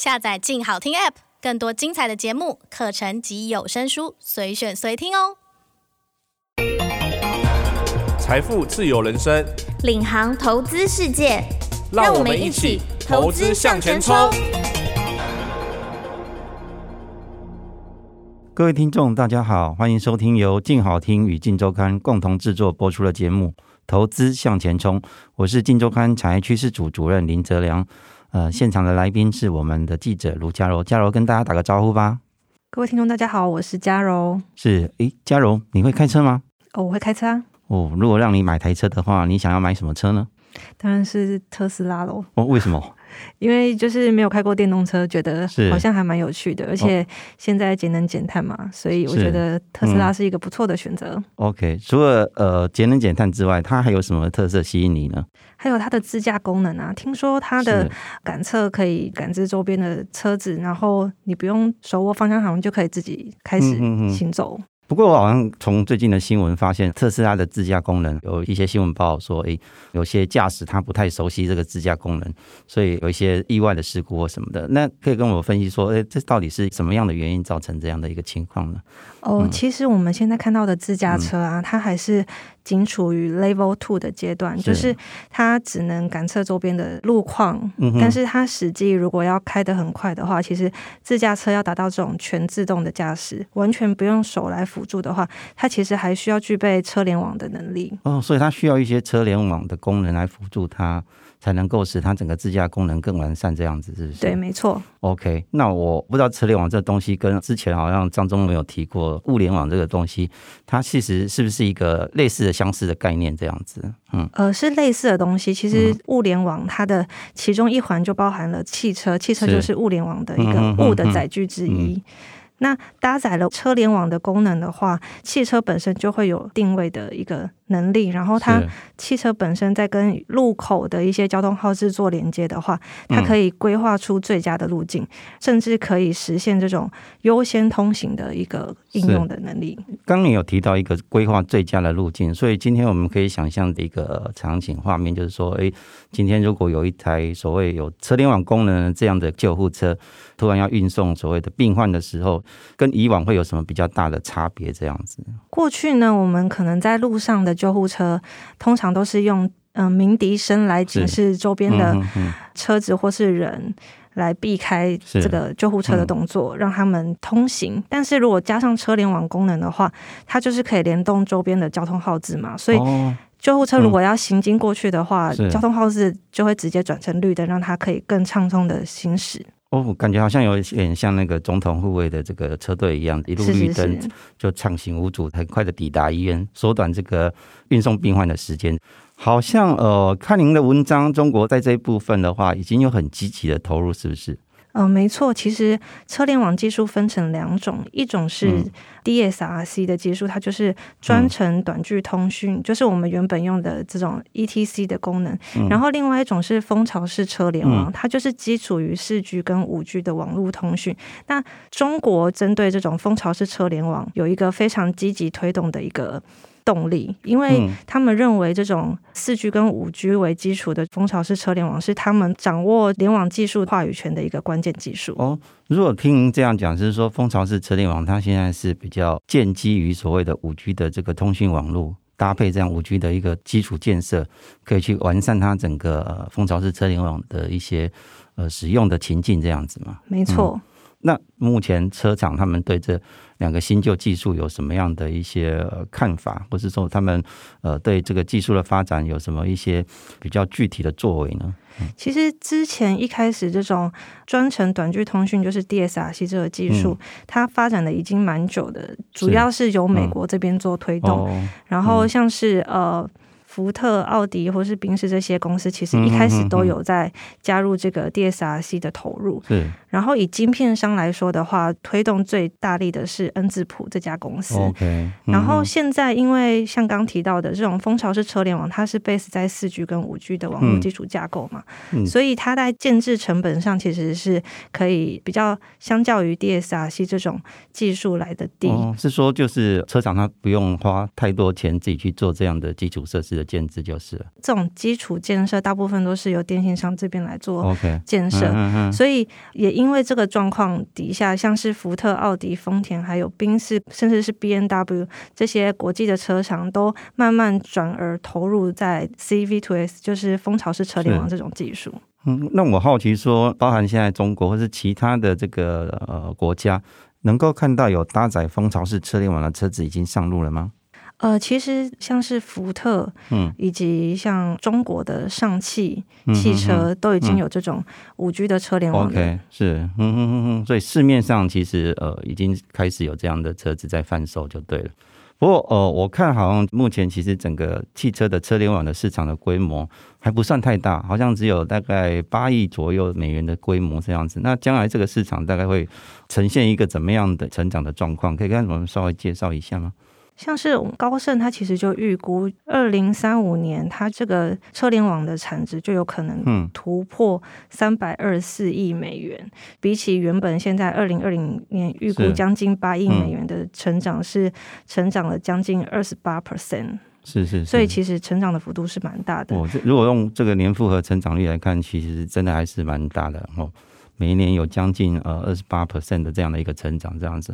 下載“靜好聽 ”App，更多精彩的節目、課程及有聲書，隨選隨聽哦！財富自由人生，領航投資世界，讓我們一起投資向錢衝！各位聽眾，大家好，歡迎收聽由“靜好聽”與“靜週刊”共同制作播出的節目《投資向錢衝》，我是“靜週刊”產業趨勢組主任林哲良。呃，現場的來賓是我們的記者盧嘉柔，嘉柔跟大家打個招呼吧。各位聽眾，大家好，我是嘉柔。是誒，嘉柔，你會開車嗎？哦，我會開車啊。哦，如果讓你買台車的話，你想要買什麼車呢？當然是特斯拉嘍。哦，為什麼？ 因為就是沒有開過電動車，覺得好像還蠻有趣的，而且現在節能減碳嘛，哦，所以我覺得特斯拉是一個不錯的選擇。嗯、OK，除了呃節能減碳之外，它還有什麼特色吸引你呢？還有它的自駕功能啊，聽說它的感測可以感知周邊的車子，然後你不用手握方向盤就可以自己開始行走。嗯嗯嗯不過，我好像從最近的新聞發現，特斯拉的自駕功能有一些新聞報道說，誒，有些駕駛他不太熟悉這個自駕功能，所以有一些意外的事故或什麼的。那可以跟我分析說，誒，這到底是什麼樣的原因造成這樣的一個情況呢？哦，其實我們現在看到的自駕車啊，嗯、它還是。僅處於 Level Two 的階段，就是它只能感測周邊的路況。嗯，但是它實際如果要開得很快的話，其實自駕車要達到這種全自動的駕駛，完全不用手來輔助的話，它其實還需要具備車聯網的能力。哦，所以它需要一些車聯網的功能來輔助它。才能夠使它整個自駕功能更完善，這樣子是不是？對，沒錯。OK，那我不知道車聯網這東西跟之前好像張忠沒有提過物聯網這個東西，它其實是不是一個類似的、相似的概念？這樣子，嗯，呃，是類似的東西。其實物聯網它的其中一環就包含了汽車，汽車就是物聯網的一個物的載具之一。嗯嗯嗯、那搭載了車聯網的功能的話，汽車本身就會有定位的一個能力，然後它汽車本身在跟路口的一些交通號誌做連接的話，它可以規劃出最佳的路徑，嗯，甚至可以實現這種優先通行的一個應用的能力。剛你有提到一個規劃最佳的路徑，所以今天我們可以想象的一個、呃、場景畫面就是說，誒，今天如果有一台所謂有車聯網功能這樣的救護車，突然要運送所謂的病患的時候，跟以往會有什麼比較大的差別？這樣子，過去呢，我們可能在路上的。救護車通常都是用嗯鳴笛聲來警示周邊的車子或是人，來避開這個救護車的動作，讓他們通行。但是如果加上車聯網功能的話，它就是可以聯動周邊的交通號誌嘛，所以救護車如果要行經過去的話，交通號誌就會直接轉成綠燈，讓它可以更暢通的行駛。哦，感覺好像有一點像那個總統護衛的這個車隊一樣，一路綠燈就暢行無阻，很快的抵達醫院，縮短這個運送病患的時間。好像呃，看您的文章，中國在這一部分的話已經有很積極的投入，是不是？嗯，沒錯。其實車聯網技術分成兩種，一種是 DSRC 的技術，它就是專程短距通訊、嗯，就是我們原本用的這種 ETC 的功能。嗯、然後另外一種是蜂巢式車聯網，它就是基礎於四 G 跟五 G 的網絡通訊、嗯。那中國針對這種蜂巢式車聯網有一個非常積極推動的一個動力，因為他們認為這種四 G 跟五 G 為基礎的蜂巢式車聯網是他們掌握聯網技術話語權的一個關鍵技術。哦，如果聽您這樣講，就是說蜂巢式車聯網它現在是比較建基於所謂的五 G 的這個通訊網絡，搭配這樣五 G 的一個基礎建設，可以去完善它整個蜂巢式車聯網的一些呃使用的情境，這樣子嗎？沒錯。嗯那目前車廠他們對這兩個新舊技術有什麼樣的一些看法，或是說他們呃對這個技術的發展有什麼一些比較具體的作為呢？其實之前一開始這種專程短距通訊就是 DSRC 這個技術，嗯，它發展的已經蠻久的，主要是由美國這邊做推動，嗯，然後像是、嗯、呃。福特、奧迪或是賓士這些公司，其實一開始都有在加入這個 DSRC 的投入。對、嗯。然後以芯片商來說的話，推動最大力的是恩智浦這家公司。o、okay, 嗯、然後現在，因為像剛提到的這種蜂巢式車聯網，它是 base 在四 G 跟五 G 的網絡基礎架構嘛、嗯嗯，所以它在建制成本上其實是可以比較相較於 DSRC 這種技術來的低。哦、是說，就是車廠它不用花太多錢自己去做這樣的基礎設施的。建制就是了，這種基礎建設大部分都是由電信商這邊來做。OK，建設。嗯嗯，所以也因為這個狀況底下，像是福特、奧迪、豐田，還有賓士，甚至是 B N W 這些國際的車廠，都慢慢轉而投入在 C V 2 S，就是蜂巢式車聯網這種技術。嗯，那我好奇說，包含現在中國或是其他的這個呃國家，能夠看到有搭載蜂巢式車聯網的車子已經上路了嗎？呃，其實像是福特，嗯，以及像中國的上汽、嗯、哼哼汽車，都已經有這種五 G 的車聯網。Okay, 是，哼、嗯、哼哼哼。所以市面上其實呃已經開始有這樣的車子在販售，就對了。不過呃，我看好像目前其實整個汽車的車聯網的市場的規模還不算太大，好像只有大概八億左右美元的規模這樣子。那將來這個市場大概會呈現一個怎麼樣的成長的狀況？可以跟我們稍微介紹一下嗎？像是高盛，他其實就預估二零三五年，它這個車聯網的產值就有可能突破三百二十四億美元，嗯。比起原本現在二零二零年預估將近八億美元的成長，是成長了將近二十八 percent。是是，嗯，所以其實成長的幅度是蠻大的。我、哦、這、如果用這個年複合成長率來看，其實真的還是蠻大的哦，每一年有將近呃二十八 percent 的這樣的一個成長，這樣子。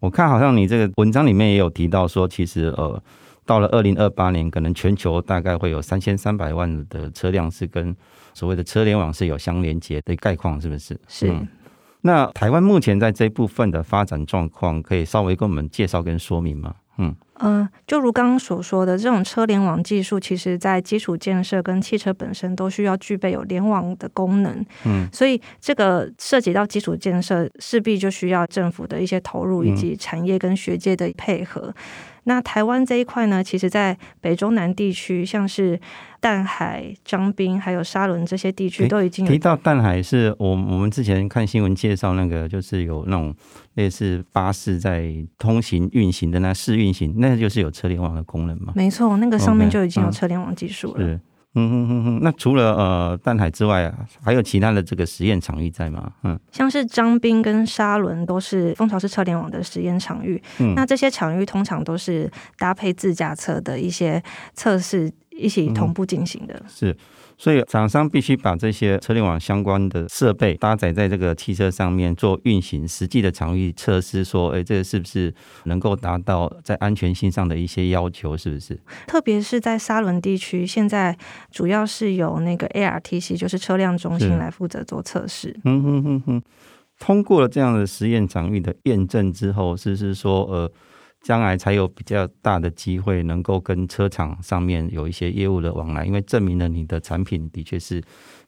我看好像你這個文章裡面也有提到說，其實呃，到了二零二八年，可能全球大概會有三千三百萬的車輛是跟所謂的車聯網是有相連接的概況，是不是？是。嗯那台灣目前在這部分的發展狀況，可以稍微跟我們介紹跟說明嗎？嗯嗯，呃，就如剛剛所說的，這種車聯網技術，其實，在基礎建設跟汽車本身都需要具備有聯網的功能。嗯，所以這個涉及到基礎建設，勢必就需要政府的一些投入，以及產業跟學界的配合。嗯。那台灣這一塊呢，其實，在北中南地區，像是淡海、彰濱、還有沙崙這些地區，都已經有、欸、提到淡海是我我們之前看新聞介紹那個，就是有那種類似巴士在通行運行的那試運行，那就是有車聯網的功能嘛？沒錯，那個上面就已經有車聯網技術了。Okay, 嗯嗯哼哼哼，那除了呃淡海之外啊，還有其他的這個實驗場域在嗎？嗯，像是彰濱跟沙崙都是蜂巢式車聯網的實驗場域。嗯，那這些場域通常都是搭配自駕車的一些測試一起同步進行的。嗯、是。所以廠商必須把這些車聯網相關的設備搭載在這個汽車上面做運行，實際的場域測試，說，哎、欸，這個是不是能夠達到在安全性上的一些要求？是不是？特別是在沙崙地區，現在主要是由那個 ARTC，就是車輛中心來負責做測試。嗯，嗯，嗯，嗯，通過了這樣的實驗場域的驗證之後，就是，是說，呃。將來才有比較大的機會，能夠跟車廠上面有一些業務的往來，因為證明了你的產品的確是。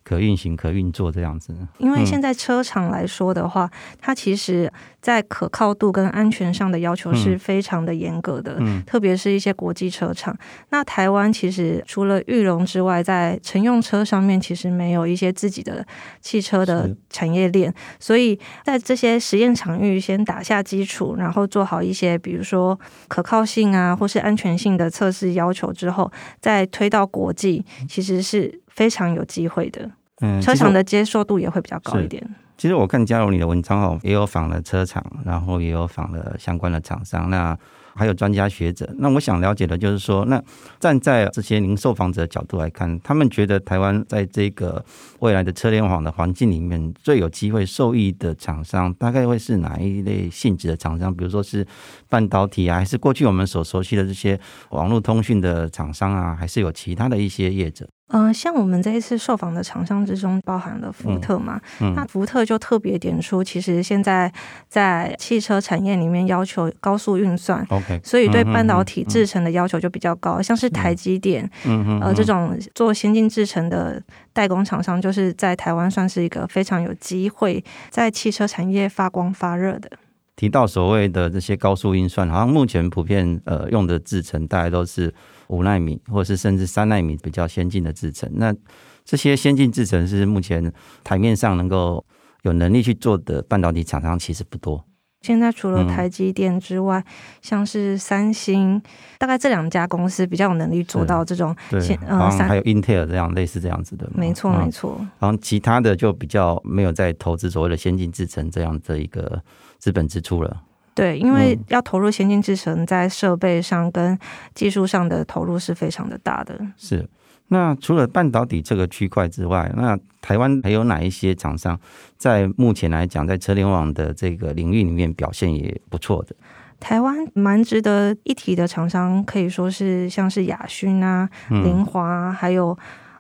可運行、可運作這樣子，因為現在車廠來說的話、嗯，它其實在可靠度跟安全上的要求是非常的嚴格的，嗯、特別是一些國際車廠、嗯。那台灣其實除了裕隆之外，在乘用車上面其實沒有一些自己的汽車的產業鏈，所以在這些實驗場域先打下基礎，然後做好一些比如說可靠性啊，或是安全性的測試要求之後，再推到國際，其實是。非常有機會的，嗯，車廠的接受度也會比較高一點。其實我看佳蓉你的文章哦，也有訪了車廠，然後也有訪了相關的廠商，那。還有專家學者，那我想了解的就是說，那站在這些受訪者的角度來看，他們覺得台灣在這個未來的車聯網的環境裡面，最有機會受益的廠商，大概會是哪一類性質的廠商？比如說是半導體啊，還是過去我們所熟悉的這些網絡通訊的廠商啊，還是有其他的一些業者？嗯、呃，像我們這一次受訪的廠商之中，包含了福特嘛，嗯嗯、那福特就特別點出，其實現在在汽車產業裡面要求高速運算。哦所以對半導體製程的要求就比較高，像是台積電，呃，這種做先進製程的代工廠商，就是在台灣算是一個非常有機會在汽車產業發光發熱的。提到所謂的這些高速運算，好像目前普遍呃用的製程，大概都是五納米或是甚至三納米比較先進的製程。那這些先進製程是目前台面上能夠有能力去做的半導體廠商，其實不多。現在除了台積電之外，嗯，像是三星，大概這兩家公司比較有能力做到這種，嗯，還有英特爾這樣類似這樣子的，沒錯、嗯、沒錯。然後其他的就比較沒有在投資所謂的先進製程這樣的一個資本支出了。對，因為要投入先進製程，在設備上跟技術上的投入是非常的大的。嗯、是。那除了半導體這個區塊之外，那台灣還有哪一些廠商在目前來講，在車聯網的這個領域裡面表現也不錯的？台灣蠻值得一提的廠商，可以說是像是亞勳啊、凌、嗯、華，還有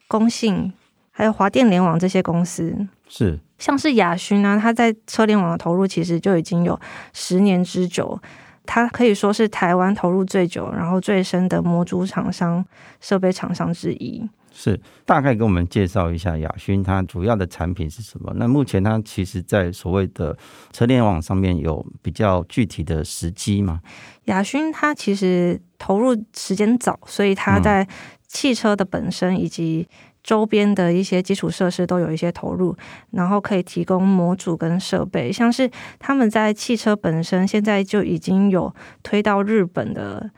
工信，還有華電聯網這些公司。是，像是亞勳啊，它在車聯網的投入其實就已經有十年之久。它可以說是台灣投入最久，然後最深的模組廠商、設備廠商之一。是，大概給我們介紹一下亞勳，它主要的產品是什麼？那目前它其實，在所謂的車聯網上面有比較具體的時機嗎？亞勳它其實投入時間早，所以它在汽車的本身以及、嗯周邊的一些基礎設施都有一些投入，然後可以提供模組跟設備，像是他們在汽車本身現在就已經有推到日本的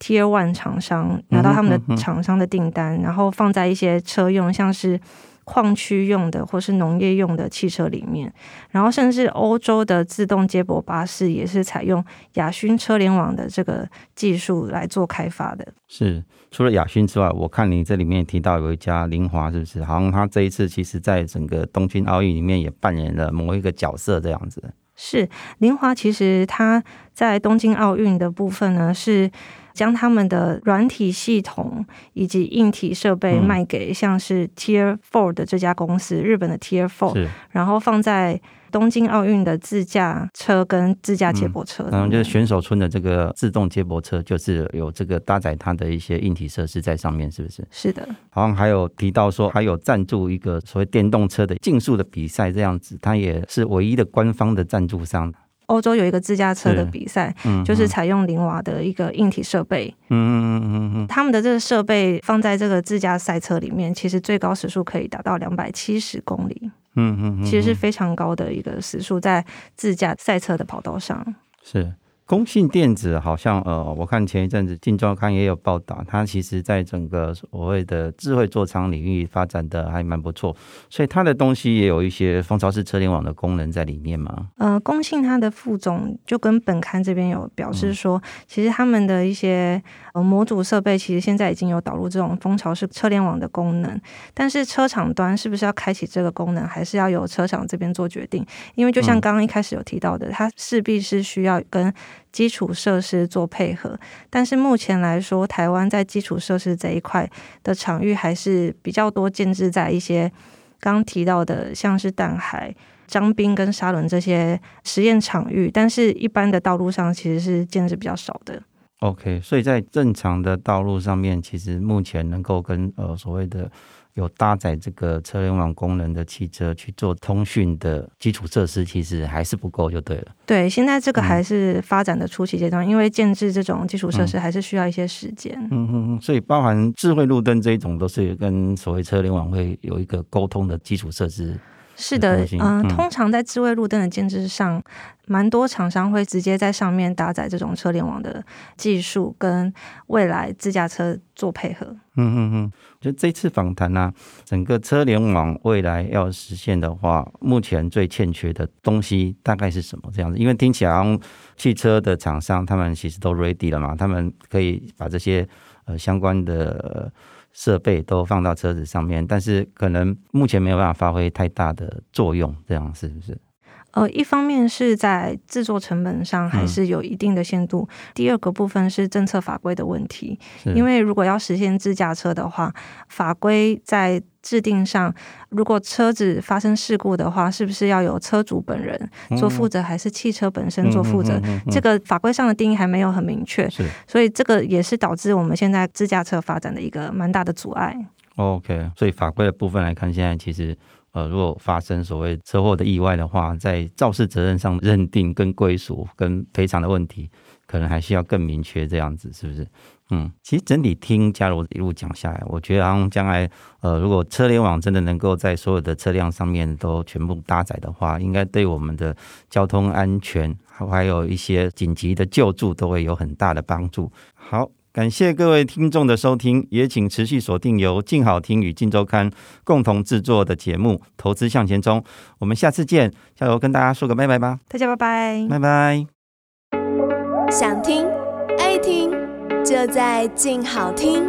Tier One 廠商，拿到他們的廠商的訂單，然後放在一些車用，像是礦區用的或是農業用的汽車裡面，然後甚至歐洲的自動接駁巴士也是採用亞勳車聯網的這個技術來做開發的。是，除了亞勳之外，我看你這裡面提到有一家凌華，是不是？好像他這一次其實在整個東京奧運裡面也扮演了某一個角色，這樣子。是，凌華其實他在東京奧運的部分呢是。將他們的軟體系統以及硬體設備賣給像是 Tier Four 的這家公司，日本的 Tier Four，然後放在東京奧運的自駕車跟自駕接駁車。嗯，然後就是選手村的這個自動接駁車，就是有這個搭載它的一些硬體設施在上面，是不是？是的。好像還有提到說，還有贊助一個所謂電動車的競速的比賽，這樣子，它也是唯一的官方的贊助商。歐洲有一個自駕車的比賽、嗯，就是採用零瓦的一個硬體設備、嗯。他們的這個設備放在這個自駕賽車裡面，其實最高時速可以達到兩百七十公里、嗯。其實是非常高的一個時速在自駕賽車的跑道上。是。公信電子好像，呃，我看前一陣子《今週刊》也有報道，它其實在整個所謂的智慧座艙領域發展的還蠻不錯，所以它的東西也有一些蜂巢式車聯網的功能在裡面嘛。呃，公信它的副總就跟本刊這邊有表示說，其實他們的一些、呃、模組設備其實現在已經有導入這種蜂巢式車聯網的功能，但是車廠端是不是要開啟這個功能，還是要由車廠這邊做決定，因為就像剛剛一開始有提到的，它勢必是需要跟基礎設施做配合，但是目前來說，台灣在基礎設施這一塊的場域還是比較多建置在一些剛提到的，像是淡海、彰濱跟沙崙這些實驗場域，但是一般的道路上其實是建置比較少的。OK，所以在正常的道路上面，其實目前能夠跟呃所謂的，有搭載這個車聯網功能的汽車去做通訊的基礎設施，其實還是不夠，就對了。對，現在這個還是發展的初期階段，嗯，因為建置這種基礎設施還是需要一些時間。嗯哼，所以包含智慧路燈這一種，都是跟所謂車聯網會有一個溝通的基礎設施。是的，嗯，通常在智慧路燈的建設上，蠻、嗯、多廠商會直接在上面搭載這種車聯網的技術，跟未來自駕車做配合。嗯嗯嗯，就這次訪談呢、啊，整個車聯網未來要實現的話，目前最欠缺的東西大概是什麼？這樣子，因為聽起來汽車的廠商他們其實都 ready 了嘛，他們可以把這些呃相關的。設備都放到車子上面，但是可能目前沒有辦法發揮太大的作用，這樣是不是？呃，一方面是在製作成本上還是有一定的限度，嗯。第二個部分是政策法規的問題，因為如果要實現自駕車的話，法規在制定上，如果車子發生事故的話，是不是要有車主本人做負責，嗯嗯，還是汽車本身做負責嗯嗯嗯嗯？這個法規上的定義還沒有很明確是，所以這個也是導致我們現在自駕車發展的一個蠻大的阻礙。OK，所以法規的部分來看，現在其實。呃，如果發生所謂車禍的意外的話，在肇事責任上認定，跟歸屬，跟賠償的問題，可能還需要更明確這樣子，是不是？嗯，其實整體聽嘉如一路講下來，我覺得將來，呃，如果車聯網真的能夠在所有的車輛上面都全部搭載的話，應該對我們的交通安全，還有一些緊急的救助，都會有很大的幫助。好。感謝各位聽眾的收聽，也請持續鎖定由靜好聽與靜周刊共同製作的節目《投資向錢衝》。我們下次見，加油！跟大家說個拜拜吧，大家拜拜，拜拜。想聽愛聽，就在靜好聽。